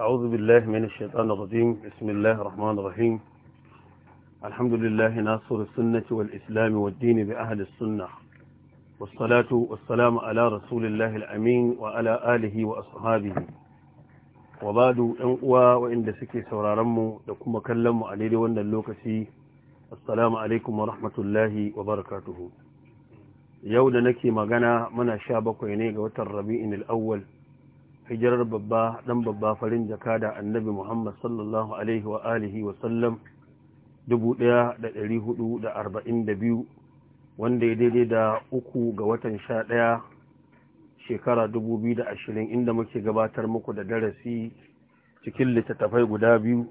أعوذ بالله من الشيطان الرجيم بسم الله الرحمن الرحيم الحمد لله ناصر السنة والإسلام والدين بأهل السنة والصلاة والسلام على رسول الله الأمين وعلى آله وأصحابه وبعد أنقوى وإن دسكي سورارمو لكم كلموا عليه وأن اللوكسي السلام عليكم ورحمة الله وبركاته يولا نكي مغانا منا شابك وينيغ وتر ربيع الأول hijirar babba dan babba farin jaka da annabi Muhammad sallallahu alaihi wa alihi wa sallam 1442 wanda ya daidai da uku ga watan 11 shekara 2020 inda muke gabatar muku da darasi cikin littattafai guda biyu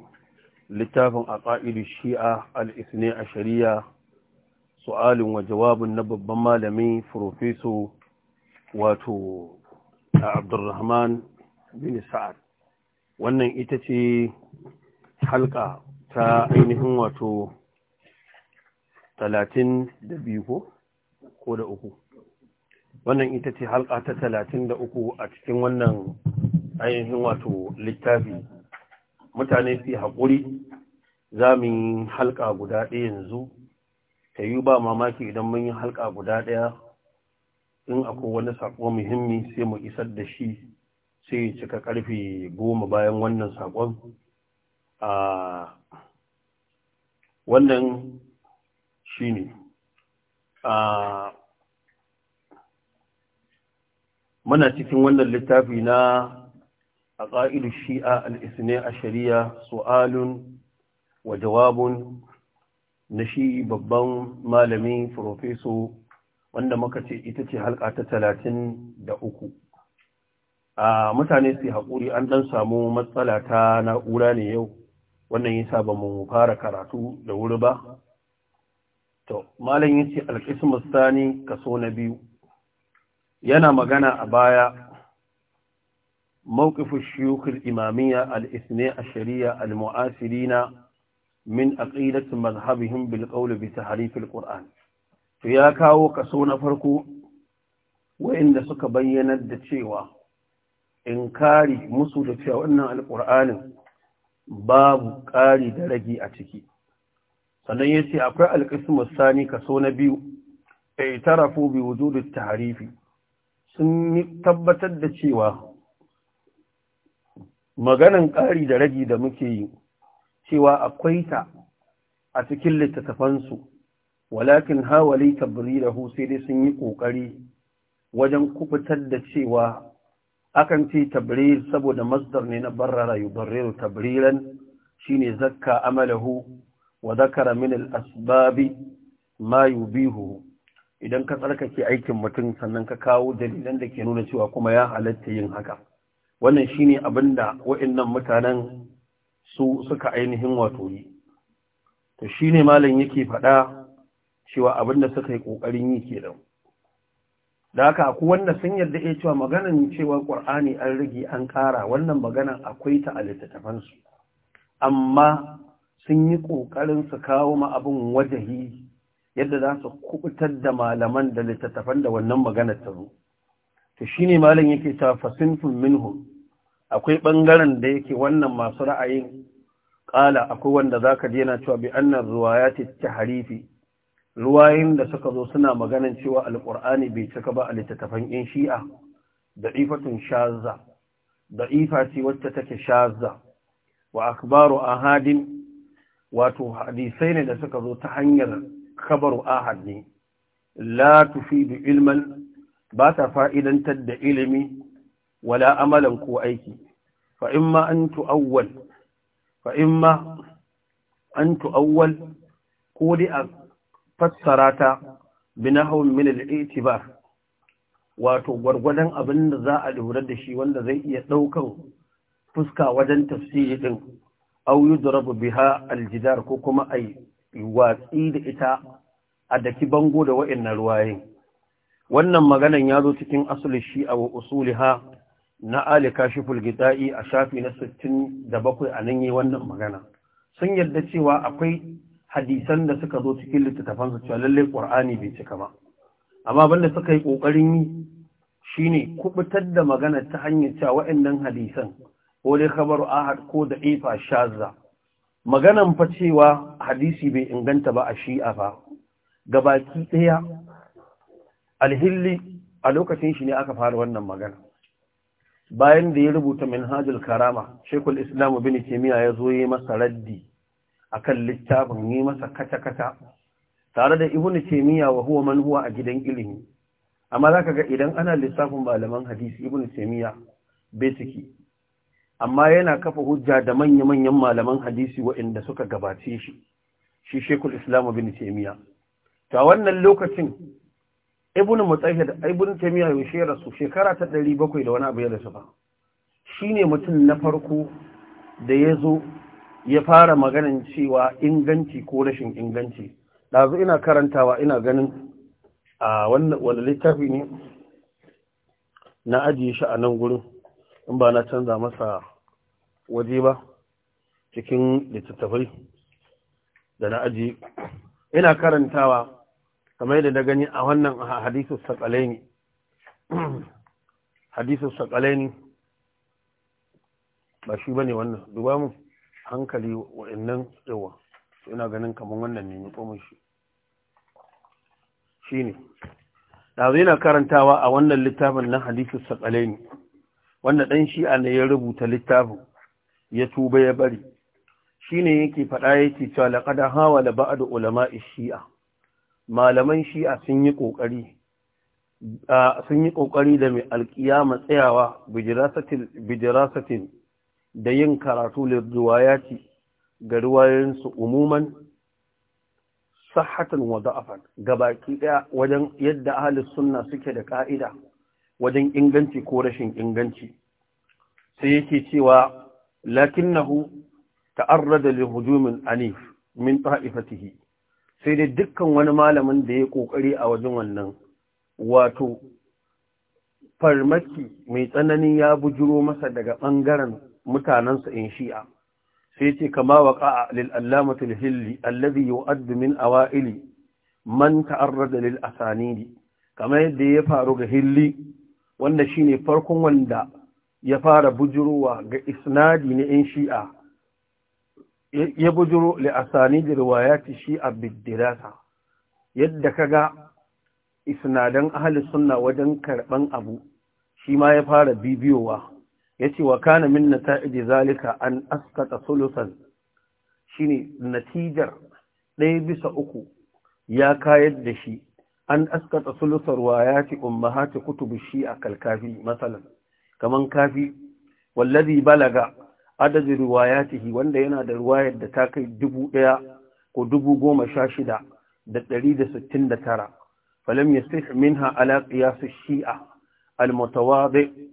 littafin aqaidu shi'a al a shari'a su'alin wa jawabin na babban malami professor wato Abdulrahman bin Sa'ad wannan ita ce halka ta ainihin wato talatin da biyu ko da uku wannan ita ce halka ta talatin da uku a cikin wannan ainihin wato littafi mutane su haƙuri za mu yi halka guda ɗaya yanzu ta yi ba mamaki idan mun yi halka guda ɗaya in akwai wani sako muhimmi sai mu isar da shi sai cika karfe goma bayan wannan sakon a wannan shi ne a muna cikin wannan littafi na a ƙa'idu shi'a al’isne a shari'a su'alun wa jawabun na shi babban malamin profeso wanda muka ce ita ce halka ta talatin da uku a mutane su haƙuri an ɗan samu matsala ta na'ura ne yau wannan yasa ba mu fara karatu da wuri ba to malam ce alƙismus sani kaso na biyu yana magana a baya imamiya, al’isne a shari'a الاثناء na المعاصرين من mazhabihin bilƙaulu bisa harifin ƙur'ani to ya kawo kaso na farko wa'inda suka bayyana da cewa in kari musu da cewa wannan alƙur'anin babu ƙari da ragi a ciki sannan ya ce akwai alƙismus sani kaso na biyu a tarafu bi wujudu tarifi sun tabbatar da cewa maganan ƙari da ragi da muke yi cewa akwai ta a cikin littattafansu walakin hawali tabridahu sai dai sun yi kokari wajen kubutar da cewa akan ce tabrir saboda masdar ne na barrara yubarriru tabriran shine zakka amalahu wa zakara min al-asbabi ma yubihu idan ka tsarkake aikin mutum sannan ka kawo dalilan da ke nuna cewa kuma ya halatta yin haka wannan shine abinda waɗannan mutanen su suka ainihin wato yi to shine malam yake faɗa cewa abin da suka yi ƙoƙarin yi ke kenan da haka ku wanda sun yarda ya cewa maganan cewa ƙur'ani an rage an ƙara wannan maganan akwai ta a littattafansu amma sun yi ƙoƙarin su kawo ma abin wajahi yadda za su kubutar da malaman da littattafan da wannan maganar ta zo to shine malam yake cewa fasinfun minhum akwai ɓangaren da yake wannan masu ra'ayin ƙala akwai wanda zaka je yana cewa bi annar ta harifi. ruwayin da suka zo suna maganin cewa alƙur'ani bai cika ba a littattafan yan shi'a da ifatun shaza. da ifa ce wacce take shaza. wa akbaru ahadin wato hadisai ne da suka zo ta hanyar kabaru ahad ne la tufidu ilman ba ta fa'idantar da ilimi wala amalan ko aiki fa imma an tu'awwal fa an tu'awwal ko dai fassara ta min al-i'tibar wato gurgurdan abin da za a lura da shi wanda zai iya ɗaukan fuska wajen tafsiri ɗin aw yudrab biha aljidar ko kuma ai watsi da ita a daki bango da wa'annan ruwayen wannan maganan ya zo cikin asali shi a na ali kashiful gida'i a shafi na 67 a nan yi wannan magana sun yarda cewa akwai hadisan da suka zo cikin littattafan su cewa lallai qur'ani bai cika ba amma banda suka yi kokarin yi shine kubutar da magana ta hanyar cewa waɗannan hadisan ko dai khabaru ahad ko da ifa shazza maganan fa cewa hadisi bai inganta ba a shi'a fa gabaki ɗaya alhilli a lokacin shi ne aka fara wannan magana bayan da ya rubuta minhajul karama shekul islam bin kimiyya ya zo yi masa raddi akan littafin yi masa kata-kata tare da ibnu taymiya wa huwa man huwa a gidan ilimi amma zaka ga idan ana lissafin malaman hadisi ibnu taymiya basically amma yana kafa hujja da manya-manyan malaman hadisi waɗanda suka gabace shi shi Sheikhul Islam bin Taymiya ta wannan lokacin Ibn Mutahhid Ibn Taymiya ya shi rasu shekara ta 700 da wani abu ya rasu ba shine mutum na farko da ya zo. ya fara maganin cewa inganci ko rashin inganci ɗazu ina karantawa ina ganin a wannan littafi ne na ajiye shi a nan gurin in ba na canza masa waje ba cikin littattafai da na ajiye ina karantawa kamar yadda na gani a wannan hadisu sakalaini hadisu sakalaini ba shi ba ne wannan duba mu hankali wa'annan yawa ina ganin kamar wannan ne komai shi shine dazu yana karantawa a wannan littafin na hadisi sakalaini wanda dan shi'a ne ya rubuta littafin ya tuba ya bari shine yake faɗa yake cewa laqad hawala ba'd ulama'i shi'a malaman shi'a sun yi kokari sun yi kokari da mai alƙiyama tsayawa bijirasatin da yin karatu lirriwayati ga ruwayensu umuman sahatan wa da'afan gabaki ɗaya wajen yadda ahlus sunna suke da ka'ida wajen inganci ko rashin inganci sai yake cewa 'Lakin lakinnahu ta'arrada li hujumin anif min ta'ifatihi sai dai dukkan wani malamin da ya ƙoƙari a wajen wannan wato farmaki mai tsanani ya bujuro masa daga ɓangaren. mutanensa in shi'a sai ce kama waƙa'a lil allamatul hilli allazi yu'addu min awaili man ta'arrada lil asanidi Kama yadda ya faru ga hilli wanda shine farkon wanda ya fara bujurowa ga isnadi na in shi'a ya bujuro li asanidi riwayati shi'a biddirasa yadda kaga isnadan ahli sunna wajen karɓan abu shi ma ya fara bibiyowa ce wa kana min nata'ij zalika an asqata sulusan shine natijar ɗaya bisa uku ya kayar da shi an askata sulusar wayaci ummahati kutubu shi'a kalkafi masalan kaman kafi wallazi balaga adadin riwayatihi wanda yana da riwayar da ta kai dubu ɗaya ko dubu goma sha shida da ɗari da sittin da tara falam yasih minha ala qiyas shi'a al-mutawadhi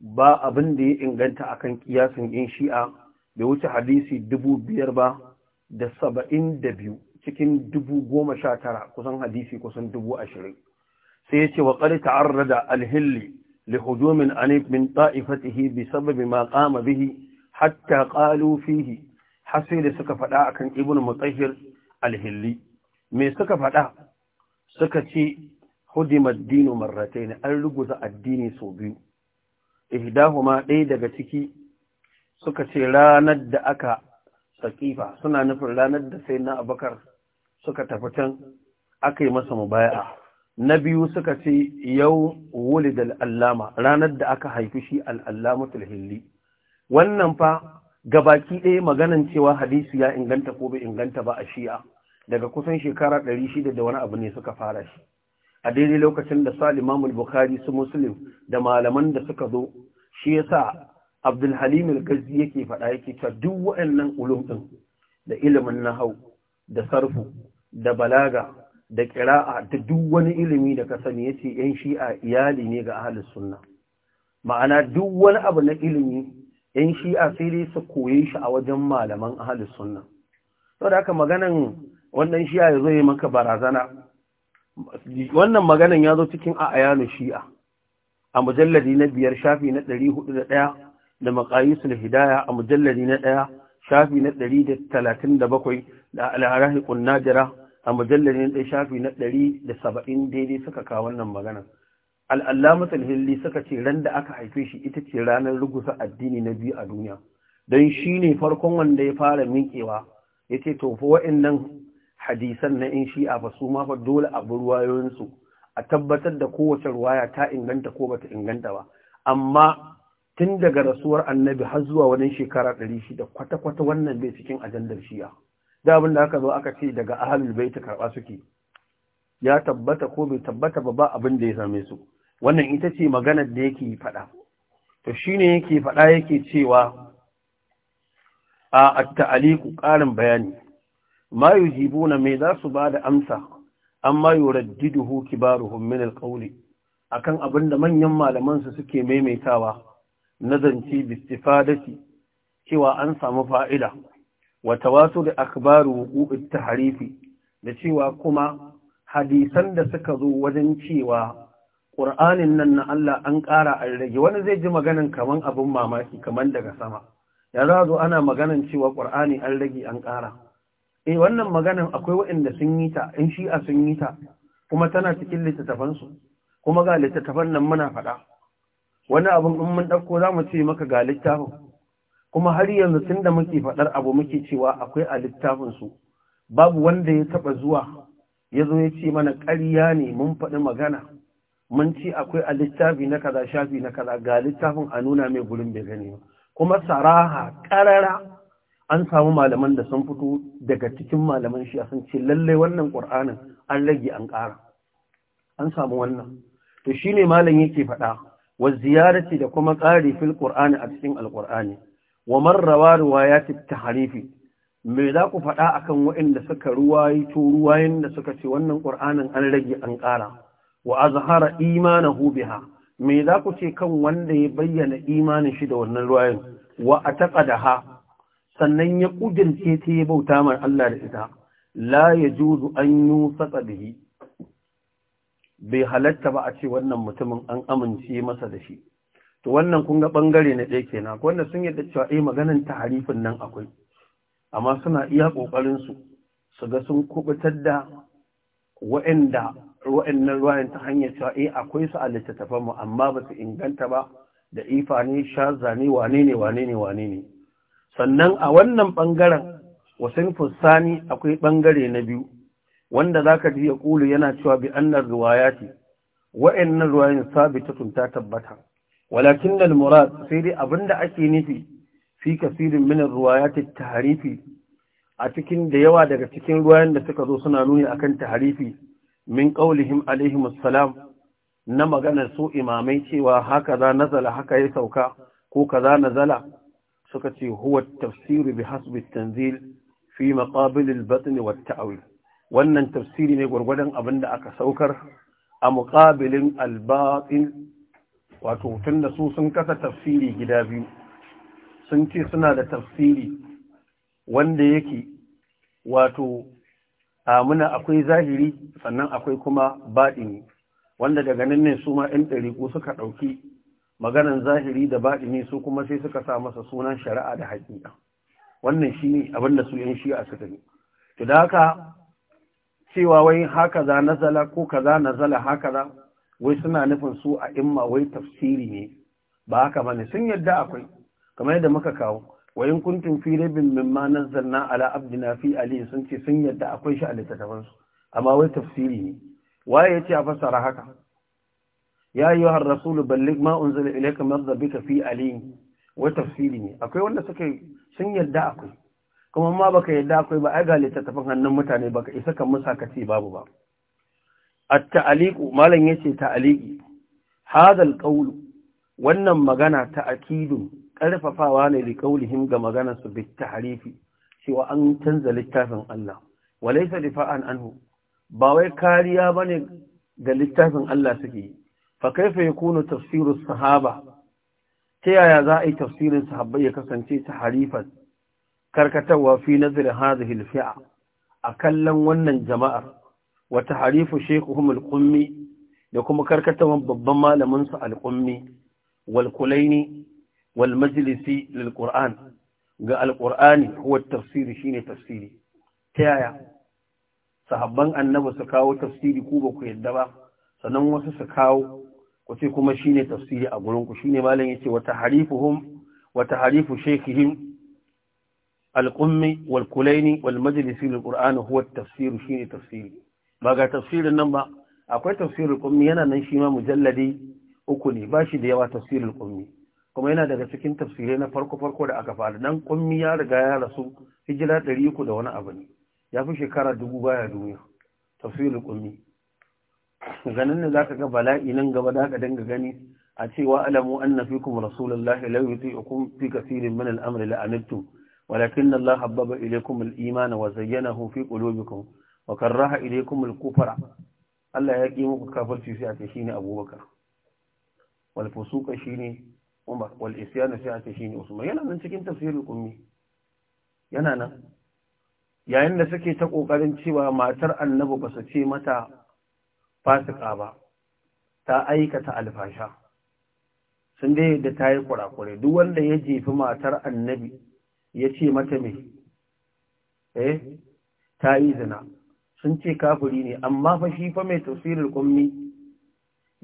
ba abin da ya inganta akan kiyasin yan shi'a da wuce hadisi dubu biyar ba da saba'in da biyu cikin dubu goma sha tara kusan hadisi kusan dubu ashirin sai ya ce wa ƙari ta'arra da alhilli li hujumin anif min ta'ifatihi bi sababi ma qama bihi hatta qalu fihi har sai da suka faɗa akan ibnu mutahhir alhilli me suka faɗa suka ce dino dinu marratayn an ruguza addini sau biyu ihdahuma ɗaya daga ciki suka ce ranar da aka saƙifa suna nufin ranar da sai na abakar suka tafi can aka yi masa mubaya'a na biyu suka ce yau wuli da al'allama ranar da aka haifi shi al'allamatul hilli wannan fa ga baki ɗaya maganan cewa hadisi ya inganta ko bai inganta ba a shi'a daga kusan shekara ɗari shida da wani abu ne suka fara shi a daidai lokacin da sa imamul bukhari su musulun da malaman da suka zo shi yasa abdul halim al-gazi yake faɗa yake ta duk waɗannan ulum da ilimin nahau da sarfu da balaga da ƙira'a da duk wani ilimi da ka sani ce yan shi'a iyali ne ga ahlus sunna ma'ana duk wani abu na ilimi yan shi'a sai dai su koye shi a wajen malaman suna Sau da haka maganan wannan shi'a ya zo yi maka barazana wannan maganan ya zo cikin a ayanu shi'a a mujalladi na biyar shafi na ɗari hudu da ɗaya da maƙayisul hidaya a mujalladi na ɗaya shafi na ɗari da talatin da bakwai da al'arahi Kunnajira a mujalladi na ɗaya shafi na ɗari da saba'in daidai suka kawo wannan maganan al'allamatul hilli suka ce ran da aka haife shi ita ce ranar rugusa addini na biyu a duniya don shi ne farkon wanda ya fara minkewa ya ce tofa wa'in hadisan na in shi'a ba su ma fa dole a ruwayoyinsu a tabbatar da kowace ruwaya ta inganta ko bata inganta ba amma tun daga rasuwar annabi har zuwa wani shekara ɗari shida kwata-kwata wannan bai cikin ajandar shi'a da abin da aka zo aka ce daga ahalul bai ta karɓa suke ya tabbata ko bai tabbata ba ba abin da ya same su wannan ita ce maganar da yake faɗa to shine yake faɗa yake cewa a ta'aliku ƙarin bayani ma yujibuna me za su ba da amsa amma yuraddiduhu kibaruhum min alqawli akan da manyan malaman su suke maimaitawa na bi istifadati cewa an samu fa'ida wa tawasul akhbaru wuqu'it harifi? da cewa kuma hadisan da suka zo wajen cewa ƙur'anin nan na Allah an ƙara an rage wani zai ji maganan kaman abin mamaki kaman daga sama ya zo ana maganan cewa ƙur'ani an rage an ƙara eh wannan maganan akwai waɗanda sun yi ta in shi'a sun yi ta kuma tana cikin littattafansu kuma ga littattafan nan muna faɗa wani abin in mun ɗauko za mu ce maka ga littafin kuma har yanzu tun da muke faɗar abu muke cewa akwai a littafinsu babu wanda ya taɓa zuwa ya zo ya ce mana ƙarya ne mun faɗi magana mun ce akwai a littafi na kaza shafi na kaza ga littafin a nuna mai gurin bai gani ba kuma saraha ƙarara an samu malaman da sun fito daga cikin malaman shi a sun ce lalle wannan qur'anin an rage an ƙara an samu wannan to shine malam yake faɗa wa ziyarati da kuma ƙari fil qur'ani a cikin alƙur'ani wa man ya riwayat harifi tahrifi me za ku faɗa akan waɗanda suka ruwayi to ruwayen da suka ce wannan qur'anin an rage an ƙara wa azhara imanahu biha me za ku ce kan wanda ya bayyana imanin shi da wannan ruwayin? wa ataqadaha sannan ya ƙudurce ta yi bauta mar Allah da ita la ya juzu an yi satsa da shi bai halatta ba a ce wannan mutumin an amince masa da shi to wannan kun ga ɓangare na ɗaya kenan wannan sun yadda cewa eh maganan ta harifin nan akwai amma suna iya ƙoƙarinsu su ga sun kubutar da wa'anda wa'annan ruwayan ta hanyar cewa eh akwai su a littattafan mu amma ba su inganta ba da ifa ne sha zane wane ne wane ne wane ne sannan a wannan ɓangaren wasan fusani akwai ɓangare na biyu wanda za ka ji ya ƙulu yana cewa bi annar ruwayati wa'annan ruwayin sabitatun ta tabbata walakin da murad sai dai abin da ake nufi fi kasirin ce ta tahrifi a cikin da yawa daga cikin ruwayan da suka zo suna nuni akan taharifi min qaulihim alaihim na maganar so imamai cewa haka za zala haka ya sauka ko kaza zala. suka ce huwa tafsiru bi hasbi tanzil fi maqabil al-batn tawil wannan tafsiri ne gurgurdan abinda aka saukar a muqabilin al wato tunda su sun kasa tafsiri gida biyu sun ce suna da tafsiri wanda yake wato amuna akwai zahiri sannan akwai kuma batini wanda daga nan ne su ma ɗan ɗariƙu suka ɗauki maganan zahiri da baɗini su kuma sai suka sa masa sunan shari'a da haƙiƙa wannan shi ne abin da su yan shi'a suka yi to da haka cewa wai haka za nazala ko kaza nazala haka za wai suna nufin su a imma wai tafsiri ne ba haka bane sun yadda akwai kamar yadda muka kawo wai in kuntum fi rabbin mimma nazzalna ala abdina fi ali sun ce sun yadda akwai shi a littattafansu amma wai tafsiri ne waye ya ce a fassara haka ya yi wa rasulu ballig ma'un zai ilayka min rabbika fi alim wa tafsili ne akwai wanda suke sun yadda akwai kuma ma baka yadda akwai ba ai ga littattafan hannun mutane baka isa kan musa ka ce babu ba at-ta'aliqu malam ya ce hadha hadal qawlu wannan magana ta akidun ƙarfafawa ne da kaulihim ga magana su bi tahrifi cewa an canza littafin Allah walaysa difa'an anhu ba wai kariya bane ga littafin Allah suke yi fa ya kuna tafsirin sahaba ta yaya za a yi tafsirin sahabbai ya kasance ta harifan karkatarwa fi nazar hadhihi alfi'a a kallon wannan jama'ar wata harifar shaykhuhum alqummi da kuma karkatawan babban malamin su alqummi wal kulaini wal majlisi ga alƙur'ani huwa tafsiri shine tafsiri ta yaya sahabban annabi su kawo tafsiri ku ba ku yadda ba sannan wasu su kawo ku ce kuma shine tafsiri a gurin ku shine malamin yace wa tahrifuhum wa tahrifu shaykhihim al-qummi wal kulaini wal majlisi lil qur'an huwa at-tafsir shine tafsiri ba ga tafsirin nan ba akwai tafsirul qummi yana nan shi ma mujalladi uku ne ba shi da yawa tafsirin qummi kuma yana daga cikin tafsirai na farko farko da aka fara dan qummi ya riga ya rasu hijira uku da wani abu ne ya fi shekara dubu baya duniya tafsirul qummi ganin ne za ka ga bala'i nan gaba da ka dinga gani a cewa alamu kuma anna fikum rasulullahi law yuti'ukum fi kaseerin min al-amri la'anittum walakin Allah ba ilaykum al-iman wa zayyanahu fi qulubikum wa karaha ilaykum al-kufra Allah ya ki muku kafirci sai a ce shine Abubakar wal shi ne Umar wal isyana sai a ce shine Usman yana nan cikin tafsirin ummi yana nan yayin da suke ta ƙoƙarin cewa matar annabi ba su ce mata fasika ba ta aikata alfasha sun dai da ta yi kurakure duk wanda ya jefi matar annabi ya ce mata mai eh ta yi zina sun ce kafiri ne amma fa shi fa mai tafsirin kummi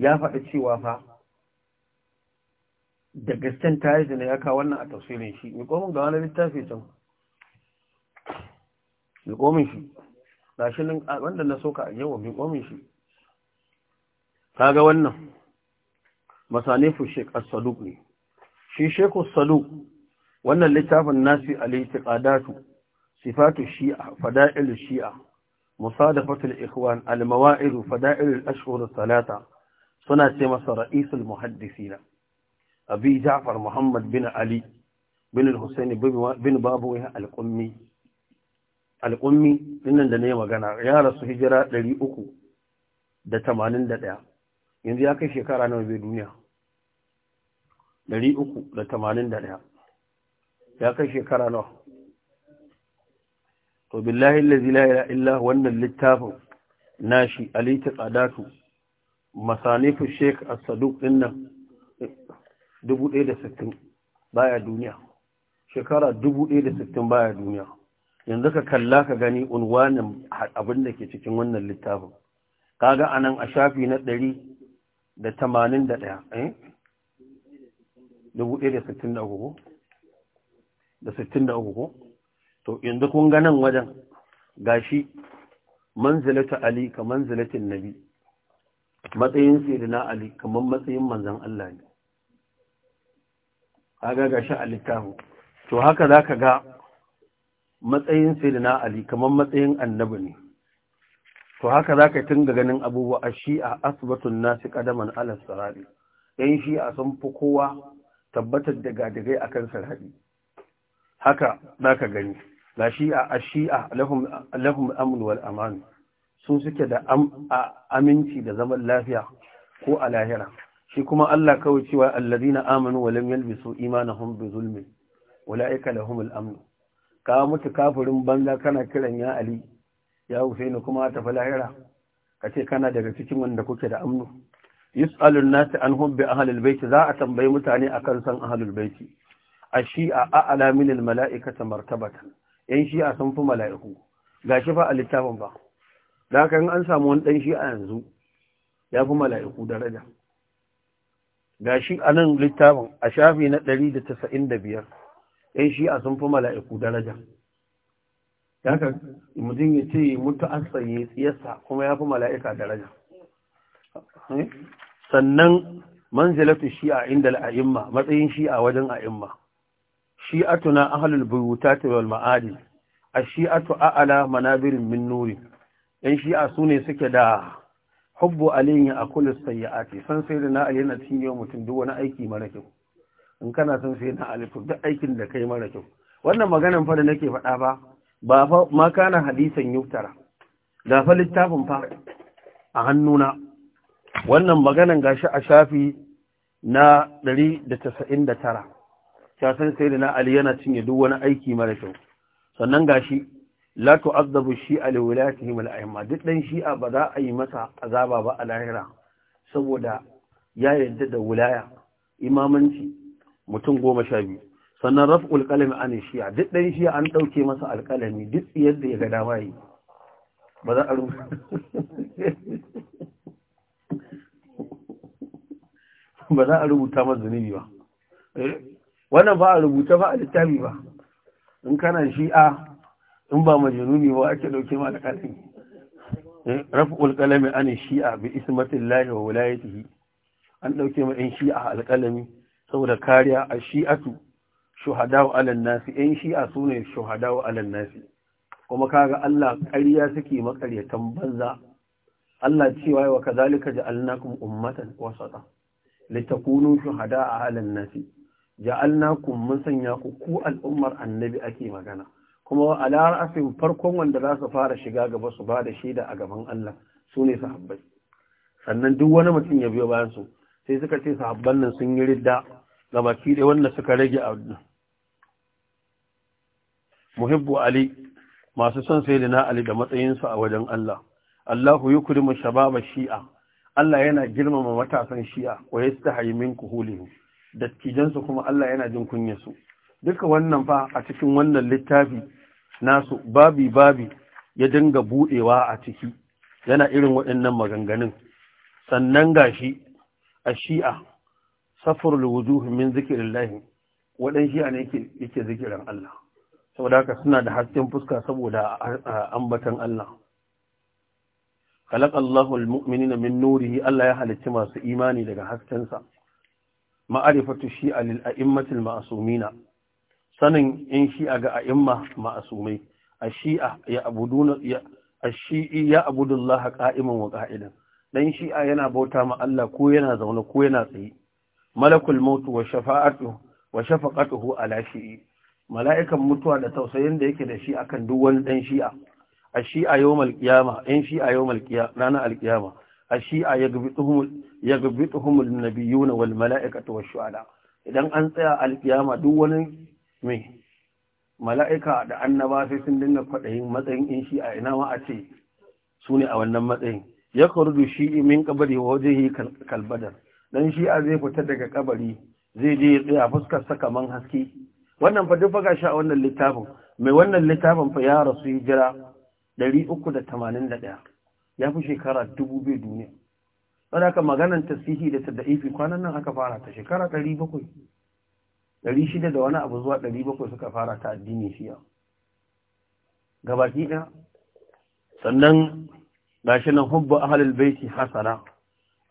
ya faɗi cewa fa da gasken ta yi zina ya kawo wannan a tafsirin shi mai komin ga wani littafi can mai komin shi ga shi nan wanda na soka a yawa mai komin shi kaga wannan masanifu Sheikh As-Saduq ne shi Sheikh as wannan littafin nasi al-i'tiqadatu sifatu shi'a fada'il shi'a musadafatul al-ikhwan al-mawa'id fada'il al-ashhur al suna ce masa ra'isul al-muhaddisina abi Ja'far Muhammad bin Ali bin al-Husayn bin Babu al-Qummi al-Qummi dinnan da ne magana ya rasu hijira 381 yanzu ya kai shekara nawa bai duniya Dari uku da tamanin da ɗaya. ya kai shekara nawa to billahi allazi la ilaha illa wannan littafin nashi alita qadatu masanifu sheikh as-saduq dinnan 1060 baya duniya shekara 1060 baya duniya yanzu ka kalla ka gani unwanin abin da ke cikin wannan littafin kaga anan a shafi na ɗari. da tamanin da ɗaya eh? dubu ɗaya da sittin da uku da sittin da to yanzu kun ganin wajen gashi manzilatu ali ka manzilatin nabi matsayin sayyidina ali kamar matsayin manzon Allah ne kaga gashi a littafin to haka zaka ga matsayin sayyidina ali kamar matsayin annabi ne to haka za ka tun ga ganin abubuwa a shi'a asibatun nasi kadaman alas sarari yan shi'a sun fi kowa tabbatar da gadigai a kan sarari haka za ka gani ga shi'a a shi'a lahum amun wal amanu sun suke da aminci da zaman lafiya ko a lahira shi kuma Allah kawai cewa allazina amanu wa lam imana hun bi zulmin ulaika lahumul amnu. ka mutu kafirin banza kana kiran ya ali ya Husainu kuma ta falahira ka ce kana daga cikin wanda kuke da amnu yus'alun nasi an hubbi ahlul baiti za a tambayi mutane akan san ahlul baiti a a'la min al mala'ikata martabatan yan shi'a sun fi mala'iku gashi fa a littafin ba da kan an samu wani dan shi'a yanzu ya fi mala'iku daraja gashi a nan littafin a shafi na 195 yan shi'a sun fi mala'iku daraja haka mutum ya ce mutu an tsaye tsiyarsa kuma ya fi mala'ika daraja eh? sannan manzilatu shi'a inda al'a'imma matsayin shi'a wajen a'imma shi'atu na ahalul ta wal ma'adi a shi'atu a'ala manabirin min nuri yan shi'a su ne suke da hubbu aliyu a kulis ce san sai da na aliyu na cinye mutum duk wani aiki mara kyau in kana san sai na alifu duk aikin da kai mara kyau wannan maganan fa da nake faɗa ba ba fa ma hadisan yuftara da fa littafin fa a hannuna wannan maganan gashi a shafi na 199 san sai da na ali yana cinye duk wani aiki mara kyau sannan gashi la tu'azzabu shi'a li wilayatihim al-a'imma duk dan shi'a ba za a yi masa azaba ba a lahira saboda ya yarda da wulaya, imamanci mutum goma sha biyu sannan raf'ul qalami an shi'a duk ɗan shi'a an ɗauke masa alqalami duk yadda ya ga dama ba za a rubuta ba za a rubuta masa zunubi ba eh, wannan ba a rubuta ba a littafi ba in kana shi'a in ba majnuni ba ake ɗauke ma alƙalami? Eh, Rafi ulƙalami an shi'a bi ismatillahi wa wilayatihi an ɗauke ma 'yan shi'a alqalami saboda kariya a shi'atu shuhada'u alan nasi shi shi'a su ne shuhada'u nasi kuma kaga Allah ƙarya suke makaryatan banza Allah cewa wa kazalika ja'alnakum ummatan wasata litakunu shuhada'a alan nasi ja'alnakum mun sanya ku ku al'ummar annabi ake magana kuma ala ra'asin farkon wanda za su fara shiga gaba su ba da shaida a gaban Allah su ne sahabbai sannan duk wani mutum ya biyo bayan su sai suka ce sahabban nan sun yi ridda gabaki da wanda suka rage a muhibbu ali masu son sayyidina ali da matsayinsa a wajen Allah Allahu yukrimu shababa shi'a Allah yana girmama matasan shi'a wa yastahi min kuhulihim dattijansu kuma Allah yana jin su. duka wannan fa a cikin wannan littafi nasu babi babi ya dinga buɗewa a ciki yana irin waɗannan maganganun sannan gashi a shi'a safarul wujuh min zikrillah wadan shi'a ne yake zikirin Allah saboda haka suna da hasken fuska saboda ambatan Allah khalaqa Allahu almu'minina min nurihi Allah ya halicci masu imani daga haskensa ma'arifatu shi'a lil a'immatil ma'sumina sanin in shi'a ga a'imma ma'sumai a ya ya ashi'i ya abudullaha qa'iman wa ƙa'idan. dan shi'a yana bauta ma Allah ko yana zaune ko yana tsaye malakul maut wa shafa'atu wa shafaqatuhu ala shi'i mala'ikan mutuwa da tausayin da yake da shi akan duk wani dan shi'a a shi'a yau qiyama in shi'a yau qiyama ranar a shi'a yagbituhum yagbituhum an wal mala'ikatu wash idan an tsaya alƙiyama duk wani mai mala'ika da annaba sai sun dinga kwadayin matsayin in shi'a ina ma a ce su ne a wannan matsayin ya kurdu shi'i min kabari yi kalbadar ɗan shi'a zai fita daga kabari zai je ya tsaya fuskar saka man haske wannan fa duk gashi a wannan littafin mai wannan littafin fa ya rasu hijira 381 ya fi shekara 2000 duniya wadda aka maganan tasihi da tadda'ifi kwanan nan aka fara ta shekara 700 600 da wani abu zuwa 700 suka fara ta addini shiya gabaki ɗaya sannan gashi nan hubba ahalul baiti hasana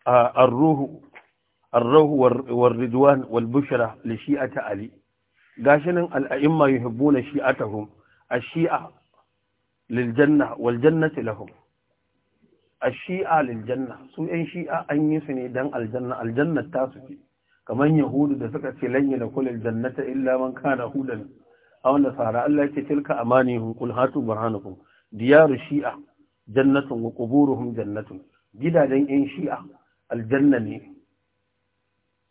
الروح wal bushra li shi'ati ali gashi nan al'a'imma yuhibbuna shi'atahum ash-shi'a lil janna wal jannati lahum shia liljanna. su yan shi'a an yi su ne dan aljanna aljanna ta su ce kamar yahudu da suka ce lan yadkhul al-jannata illa man kana hudan wanda nasara Allah yake tilka amanihum qul hatu burhanakum diyaru shi'a jannatun wa jannatu. jannatun gidajen yan shi'a aljanna ne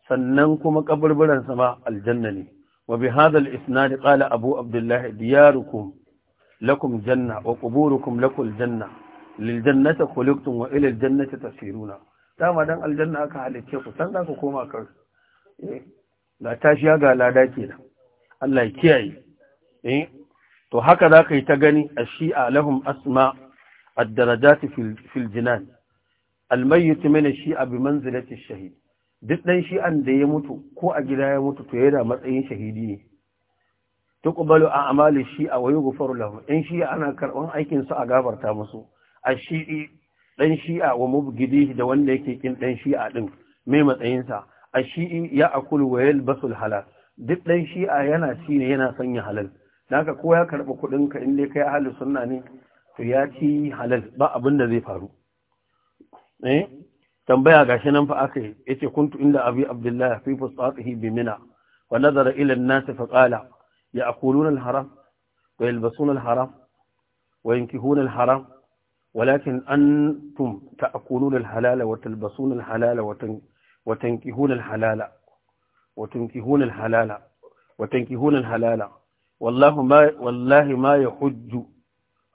sannan kuma kaburburan sama aljanna ne وبهذا الاسناد قال أبو عبد الله دياركم لكم جنة وقبوركم لكم الجنة للجنة خلقتم وإلى الجنة تسيرون تاما دان الجنة أكا حالي كيكو سنقا كوما كرس إيه؟ لا تاشي أكا لا داكينا الله كيائي إيه؟ تو هكذا كي تغني الشيء لهم أسماء الدرجات في الجنان الميت من الشيء بمنزلة الشهيد duk ɗan shi'an da ya mutu ko a gida ya mutu to yana matsayin shahidi ne tuqbalu a amali a wa yughfaru lahu in shi'a ana karɓar aikin su a gafarta musu a shi'i ɗan shi'a wa mubgidi da wanda yake kin ɗan shi'a ɗin mai sa a shi ya akulu wa yalbasul halal duk ɗan shi'a yana ci ne yana sanya halal da haka ko ya karɓi ka in inda kai ahli sunna ne to ya ci halal ba abin da zai faru eh تنبيه عشان انفقه اتي كنت عند ابي عبد الله في فسطاته بمنى ونظر الى الناس فقال يأكلون الحرام ويلبسون الحرام وينكهون الحرام ولكن انتم تأكلون الحلال وتلبسون الحلال وتنكهون الحلال وتنكهون الحلال وتنكهون الحلال والله ما والله ما يحج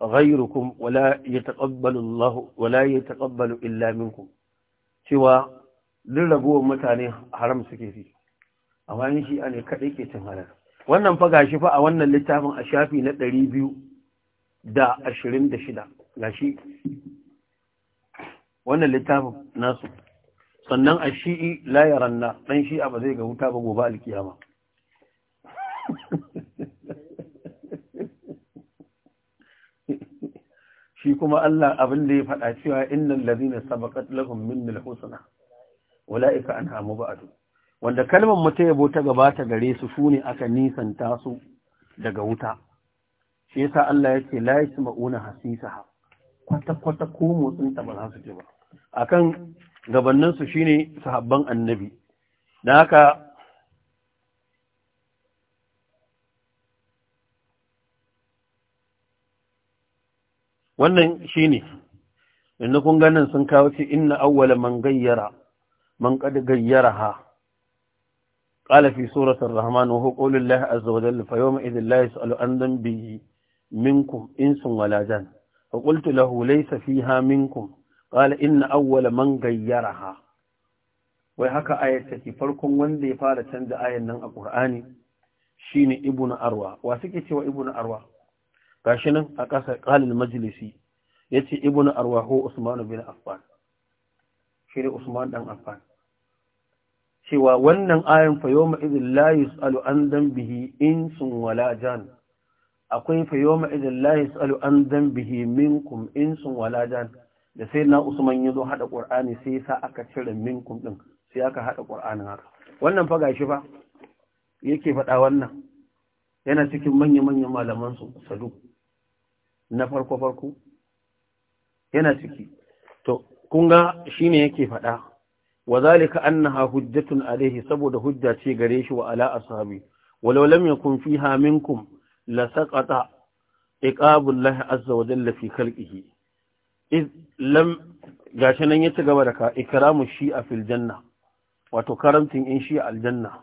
غيركم ولا يتقبل الله ولا يتقبل الا منكم cewa duk ragowar mutane haram suke fi a wani shi ne kaɗai ke cin halar wannan fa gashi fa a wannan littafin a shafi na ɗari biyu da ashirin da shida gashi wannan littafin nasu sannan a shi'i layaran na ɗan shi'a ba zai ga wuta ba gobe alkiyama shi kuma Allah abin da ya faɗa cewa innal ladina sabaqat lahum minnal husna ulaika anha mubadu wanda kalmar mu ta yabo ta gabata gare su sune aka nisanta su daga wuta shi yasa Allah yake la yasma'una hasisaha kwata kwata ko motsin ta ba za su ji ba akan gabannin su shine sahabban annabi dan haka wannan ne. inda kun ganin sun kawo ce inna awwala man gayyara man qad gayyaraha qala fi surati ar-rahman wa huwa qawlu llahi azza wa jalla fa yawma idhin la yas'alu an minkum insun wala jan fa qultu lahu laysa fiha minkum qala inna awwala man ha. wai haka ayat farkon wanda ya fara canza ayan nan a Qur'ani shine ibnu arwa wa suke cewa ibnu arwa gashi nan a ƙasa ƙalil majalisi ya ce ibn arwaho usman bin affan shi ne usman ɗan affan cewa wannan ayan fayoma idin su yus'alu an in sun wala jan akwai fayoma idin la an in sun wala jan da sai na usman zo haɗa ƙwar'ani sai sa aka cire minkum ɗin sai aka haɗa qur'anin haka wannan fa gashi fa yake faɗa wannan yana cikin manya-manyan malaman su na farko-farko yana ciki to kunga shine yake faɗa wazalika zalika annaha hujjatun alaihi saboda hujja ce gare shi wa ala ashabi walau lam yakun fiha minkum la saqata iqabullahi azza wa jalla fi khalqihi iz lam gashi nan ya ci gaba da ka ikramu shi'a fil janna wato karamtin in shi'a aljanna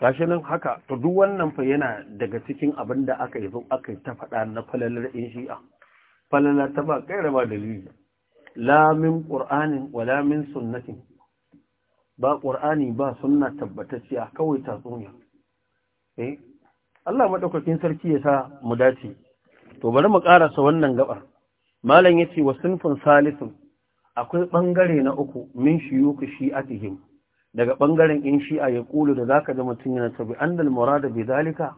gashi nan haka to duk wannan fa yana daga cikin abin da aka yi aka ta faɗa na falalar in shi'a falala ta ba kai raba dalili la min qur'anin wala min sunnatin ba qur'ani ba sunna tabbatacciya kawai tatsuniya eh Allah madaukakin sarki ya sa mu dace to bari mu karasa wannan gabar malam yace wa sunfun salisun akwai bangare na uku min shiyuku shi'atihim daga ɓangaren in shi'a ya ƙulu da zaka ga mutum yana tabi annal murada bi zalika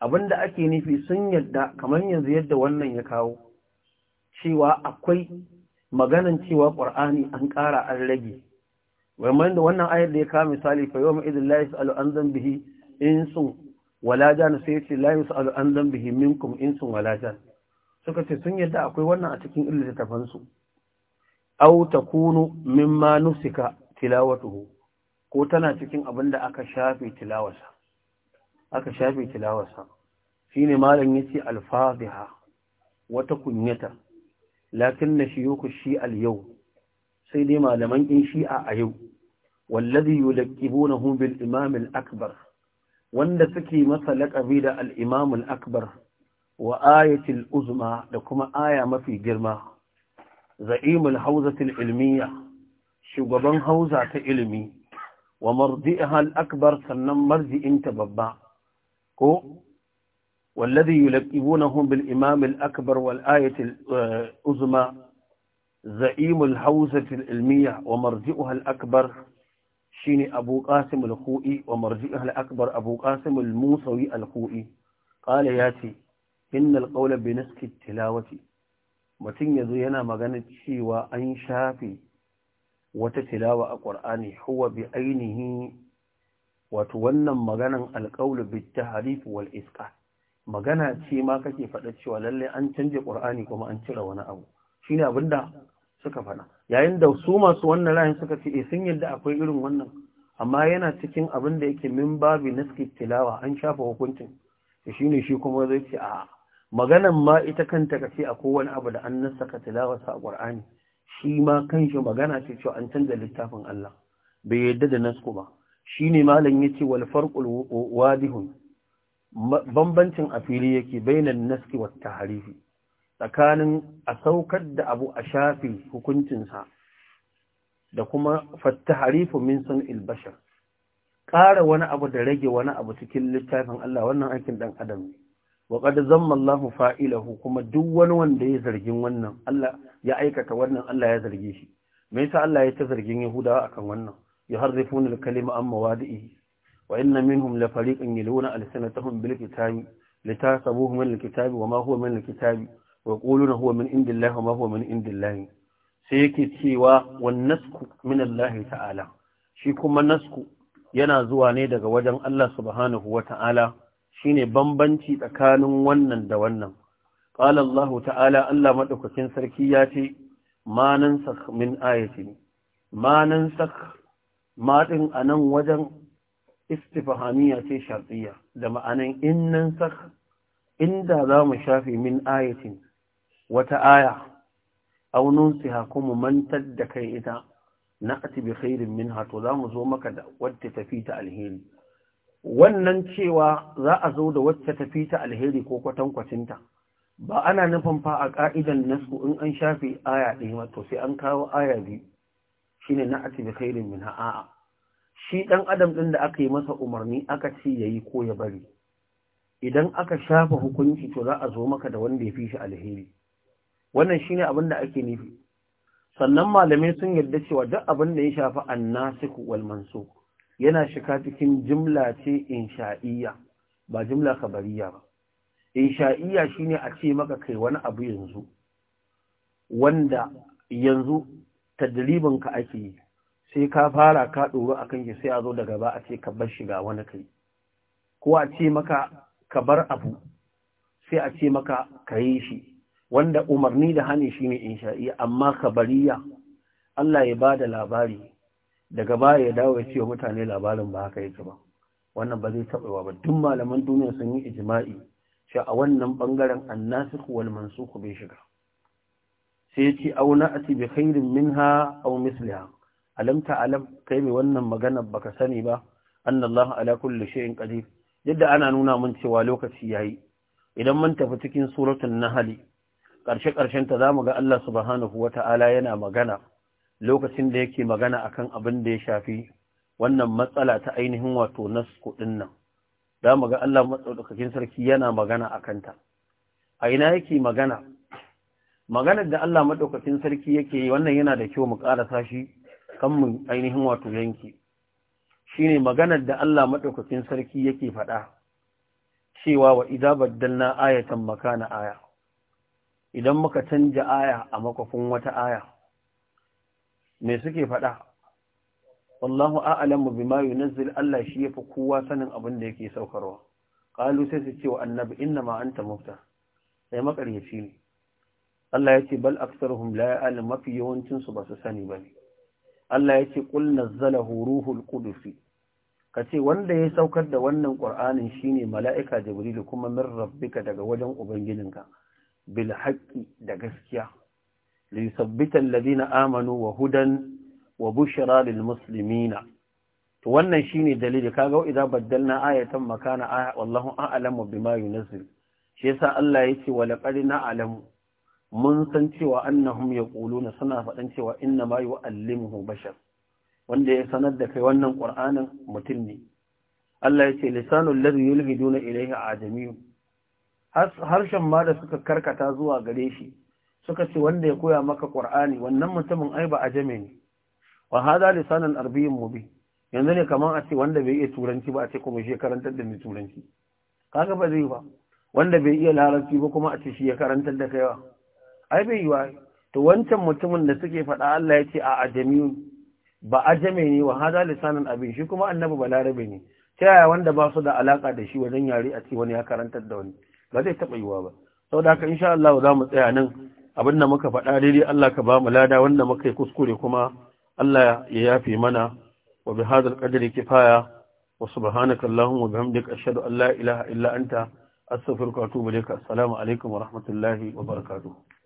abinda ake nufi sun yadda kamar yanzu yadda wannan ya kawo cewa akwai maganan cewa ƙur'ani an ƙara an rage wai da wannan ayar da ya kawo misali fa yawma idin la yas'alu an dhanbihi sun wala jan sai ce la yas'alu an dhanbihi minkum sun wala jan suka ce sun yadda akwai wannan a cikin illata tafansu aw takunu mimma nusika tilawatuhu ko tana cikin abin da aka shafe tilawarsa aka shafe shine malam yace al-fadhiha wata kunyata lakin na shiyuku shi al-yau sai dai malaman in shi'a a yau wallazi yulaqibunahu bil imam al-akbar wanda suke masa laqabi da al-imam al-akbar wa ayatul uzma da kuma aya mafi girma za'imul hauzatul ilmiya shugaban hauza ta ilimi ومرضئها الأكبر سنم مرضي انت ببا كو والذي يلقبونهم بالإمام الأكبر والآية الأزمى زعيم الحوزة العلمية ومرضئها الأكبر شيني أبو قاسم الخوئي ومرضئها الأكبر أبو قاسم الموسوي الخوئي قال ياتي إن القول بنسك التلاوة متين يزينا مغنى الشيوى أن شافي wata tilawa a ƙwar'ani huwa bi ainihi wato wannan maganan alƙaulu bi tahrif wal iska magana ce ma kake faɗa cewa lalle an canje ƙwar'ani kuma an cire wani abu shine abinda suka faɗa yayin da su masu wannan layin suka ce e sun yadda akwai irin wannan amma yana cikin abin da yake min babi naski tilawa an shafa hukuncin ne shi kuma zai ce a'a maganan ma ita kanta kace a wani abu da an nasaka tilawarsa a ƙwar'ani shi ma kanshi magana ce cewa an canza littafin Allah bai yadda da nasku ba Shi ne malam yace wal farqul wadihun bambancin a fili yake bainan naski wa tahrifi tsakanin a saukar da abu a shafi hukuncinsa da kuma fattaharifu min sun'il bashar ƙara wani abu da rage wani abu cikin littafin Allah wannan aikin ɗan adam ne وقد زم الله فائله كما دوان وان دي زرجين وانا الله يأيك كوانا الله يزرجيه ميسا الله يتزرجين يهودا كوانا يحرفون الكلمة عن موادئه وإن منهم لفريق يلون ألسنتهم بالكتاب لتاسبوه من الكتاب وما هو من الكتاب ويقولون هو من عند الله وما هو من عند الله سيكي سيوا والنسك من الله تعالى شيكم النسك ينا زواني دقا وجن الله سبحانه وتعالى shine bambanci tsakanin wannan da wannan qala Allahu ta'ala Allah madaukakin sarki ya ce ma nansakh min ayatin ma nansakh ma din anan wajen istifhamiya ce shartiyya da ma'anan in nansakh inda zamu shafe min ayatin wata aya aw nunsiha kuma mantar da kai ita na'ti bi khairin minha to za mu zo maka da wadda tafi ta alheri wannan cewa za a zo da wacce ta fi ta alheri ko kwatankwacinta ba ana nufin fa a ƙa'idan nasu in an shafe aya ɗaya wato sai an kawo aya biyu shine na ati bi khairin min a'a shi ɗan adam ɗin da aka yi masa umarni aka ce yi ko ya bari idan aka shafa hukunci to za a zo maka da wanda ya fi shi alheri wannan shine abin da ake nufi sannan malamai sun yarda cewa duk abin da ya shafi annasiku wal mansuk yana shiga cikin jimla ce insha'iyya ba jimla khabariyya ba insha'iyya shine a ce maka kai wani abu yanzu wanda yanzu tadribin ka ake yi sai ka fara ka doro a kanki sai a zo daga ba a ce ka bar shiga wani kai ko a ce maka ka bar abu sai a ce maka ka yi shi wanda umarni da hani shine insha'iyya, amma khabariyya Allah ya bada labari daga baya ya dawo ya ce wa mutane labarin ba haka yake ba wannan ba zai taɓa ba duk malaman duniya sun yi ijma'i cewa a wannan bangaren annasikh wal mansukh bai shiga sai ya ce auna ati bi khairin minha aw misliha alam ta'lam kai mai wannan magana baka sani ba annallahu ala kulli shay'in qadir yadda ana nuna mun cewa lokaci yayi idan mun tafi cikin suratul nahl karshe karshen ta zamu ga Allah subhanahu wata'ala yana magana lokacin da yake magana akan abin da ya shafi wannan matsala ta ainihin wato nas kuɗin nan da mu ga Allah madaukakin sarki yana magana akan ta a ina yake magana maganar da Allah madaukakin sarki yake wannan yana da kyau mu karasa shi kan mu ainihin wato yanki shine maganar da Allah madaukakin sarki yake faɗa cewa wa idza baddalna ayatan makana aya idan muka canja aya a makafin wata aya me suke faɗa wallahu a'lamu bima yunazzil Allah shi yafi kowa sanin abin da yake saukarwa qalu sai su ce wa annabi inna ma anta mufta sai makaryaci ne Allah ya ce bal aktsaruhum la ya'lamu mafi yawancin su ba su sani bane Allah ya ce qul nazzalahu ruhul qudus kace wanda ya saukar da wannan qur'anin shine mala'ika jibril kuma min rabbika daga wajen ubangijinka bil haqqi da gaskiya ليثبت الذين آمنوا وهدى وبشرى للمسلمين to wannan shine dalili kaga idan na ayatan makana aya ah, wallahu a'lamu bima yunzil shi yasa Allah yake wa laqad na'lamu mun san cewa annahum yaquluna suna faɗan cewa inna ma yu'allimuhu bashar wanda ya sanar da kai wannan qur'anin mutum ne Allah yake lisanul ladhi yulhiduna ilayhi ajamiyun harshen ma da suka karkata zuwa gare shi suka ce wanda ya koya maka Qur'ani wannan mutumin ai ba ajame ne wa hada lisanan arabiyyin mubin yanzu ne kamar a ce wanda bai iya turanci ba a ce kuma shi ya karantar da mai turanci kaga ba zai ba wanda bai iya larabci ba kuma a ce shi ya karantar da kaiwa ai bai yiwa to wancan mutumin da suke faɗa Allah ya ce a ajami ba ajami ne wa hada lisanin abin shi kuma annabi ba larabe ne ta yaya wanda ba su da alaka da shi wajen yare a ce wani ya karantar da wani ba zai taɓa yiwa ba saboda haka insha Allah za mu tsaya nan abin da muka faɗa daidai Allah ka ba mu lada wanda muka yi kuskure kuma Allah ya yafe mana wa bi hadal qadri kifaya wa subhanaka allahumma wa bihamdika ashhadu an la ilaha illa anta astaghfiruka wa atubu ilaik assalamu alaikum wa rahmatullahi wa barakatuh